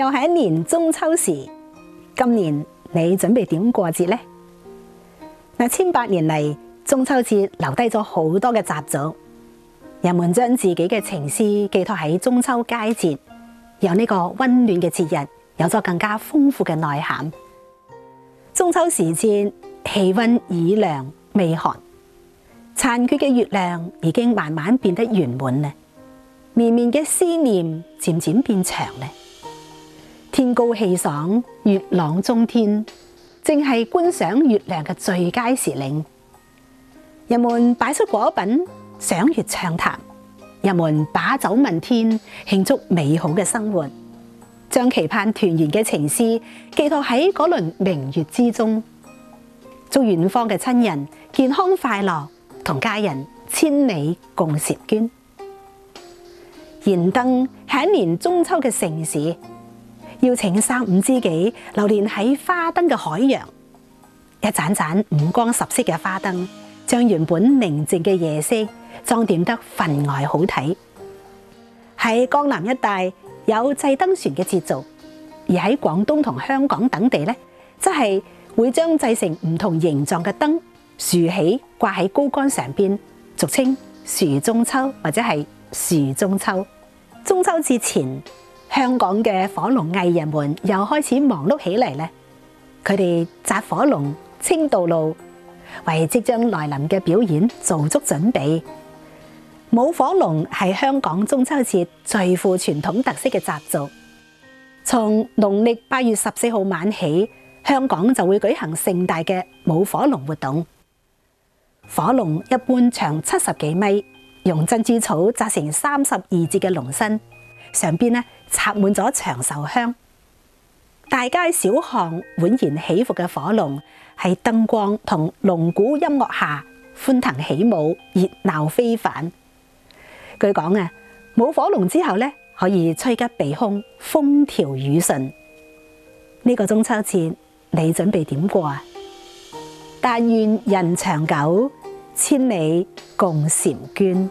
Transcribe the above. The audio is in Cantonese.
又係一年中秋時，今年你準備點過節呢？嗱，千百年嚟，中秋節留低咗好多嘅習俗，人們將自己嘅情思寄託喺中秋佳節，讓呢個溫暖嘅節日有咗更加豐富嘅內涵。中秋時節，氣溫已涼未寒，殘缺嘅月亮已經慢慢變得圓滿咧，綿綿嘅思念漸漸變長了。天高氣爽，月朗中天，正係觀賞月亮嘅最佳時令。人們擺出果品，賞月暢談；人們把酒問天，慶祝美好嘅生活，將期盼團圓嘅情思寄託喺嗰輪明月之中，祝遠方嘅親人健康快樂，同家人千里共嬋娟。燃燈係一年中秋嘅盛事。邀請三五知己流連喺花燈嘅海洋，一盞盞五光十色嘅花燈，將原本寧靜嘅夜色裝點得分外好睇。喺江南一帶有製燈船嘅節俗，而喺廣東同香港等地咧，則係會將製成唔同形狀嘅燈豎起掛喺高桿上邊，俗稱豎中秋或者係豎中秋。中秋節前。香港嘅火龍藝人們又開始忙碌起嚟咧，佢哋紮火龍、清道路，為即將來臨嘅表演做足準備。舞火龍係香港中秋節最富傳統特色嘅習俗。從農曆八月十四號晚起，香港就會舉行盛大嘅舞火龍活動。火龍一般長七十幾米，用珍珠草紮成三十二節嘅龍身。上邊呢插滿咗長壽香，大街小巷蜿蜒起伏嘅火龍，喺燈光同龍鼓音樂下歡騰起舞，熱鬧非凡。據講啊，舞火龍之後呢，可以趨吉避凶，風調雨順。呢個中秋節你準備點過啊？但願人長久，千里共嬋娟。